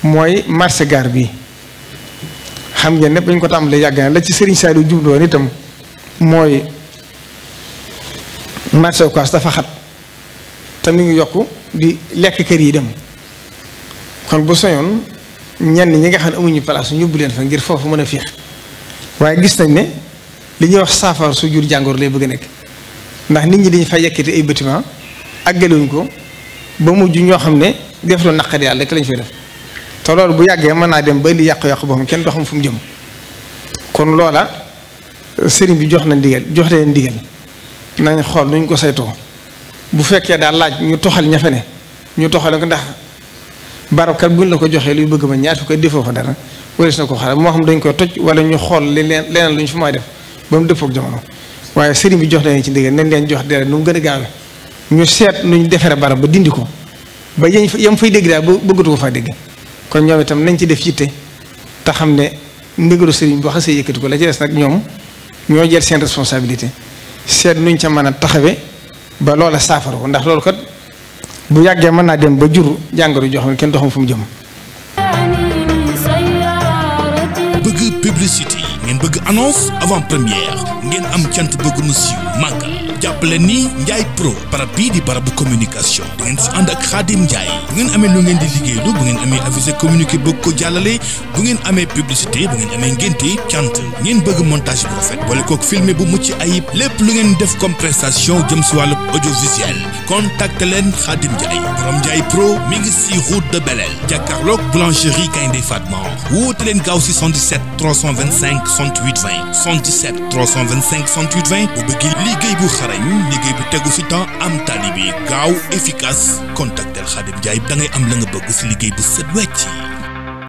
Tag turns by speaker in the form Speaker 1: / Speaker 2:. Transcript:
Speaker 1: mooy marché gaar bi xam ngeen ne bañ ko tàmbalee yàgg na la ci Serigne Saliou itam mooy marché Ocass dafa te mi ngi yokk di lekk kër yi dem kon bu soñoon ñenn ñi nga xam ne amuñu place ñu yóbbu leen fa ngir foofu mën a féex waaye gis nañ ne li ñuy wax saafara su jur jàngoor lay bëgg a nekk ndax nit ñi dañu fay yekkati ay bâtiment àggaliwuñ ko ba mujj ñoo xam ne def lu naqari yàlla lañ fay def. te loolu bu yàggee mën naa dem ba li yàqu-yàqu boobu kenn du xam fu mu jëm kon loola sëriñ bi jox na ndigal jox leen ndigal nañ xool nuñ ko saytoo bu fekkee daal laaj ñu toxal ña ne ñu toxale ko ndax barabkat buñ la ko joxee luy bëgg ma ñaata ko defoo fa dara wala na ko xale moo xam dañ koy toj wala ñu xool li leen leneen lu ñu def ba mu dëppook jamono waaye bi jox leen ci ndigal nañ leen jox dara nu mu gën a gaawe ñu seet nuñ defaree barab ba dindi ko ba yéen yam fay dégg daal ba bëggatu ko faa dégg. kon ñoom itam nañ ci def yitte te xam ne ndigalu sëriñ boo xasee yëkkati ko la ci des nag ñoom ñoo jël seen responsabilité seet nuñ ca mën a taxawe ba loola saafara ko ndax loolu kat bu yàggee mën naa dem ba jur jàngoro joo xam ne kenn doxam fu mu jëm.
Speaker 2: bëgg publicité ngeen bëgg annonce avant première ngeen am cant bëgg mu siiw màggal jàpp leen ni Ndiaye Pro barab bii di barabu communication da ngeen si ànd ak Khadim Ndiaye bu ngeen amee lu ngeen di liggéeylu bu ngeen amee avisé communiqué bëgg ko jàllale bu ngeen amee publicité bu ngeen amee ngénte cant ngeen bëgg montage bu boole kook filmé bu mucc ayib lépp lu ngeen def comme prestation jëm si contacte leen Khadim Ndiaye borom Ndiaye Pro mi ngi si route de Belel jàkkaarloog boulangerie Gaynde Fatma wóote leen gaaw si 77 325 68 20 77 325 68 tegu fi temps am tali bi gaaw efficace contactel Khadim Ndiaye da ngay am la nga bëgg si liggéey bu set wecc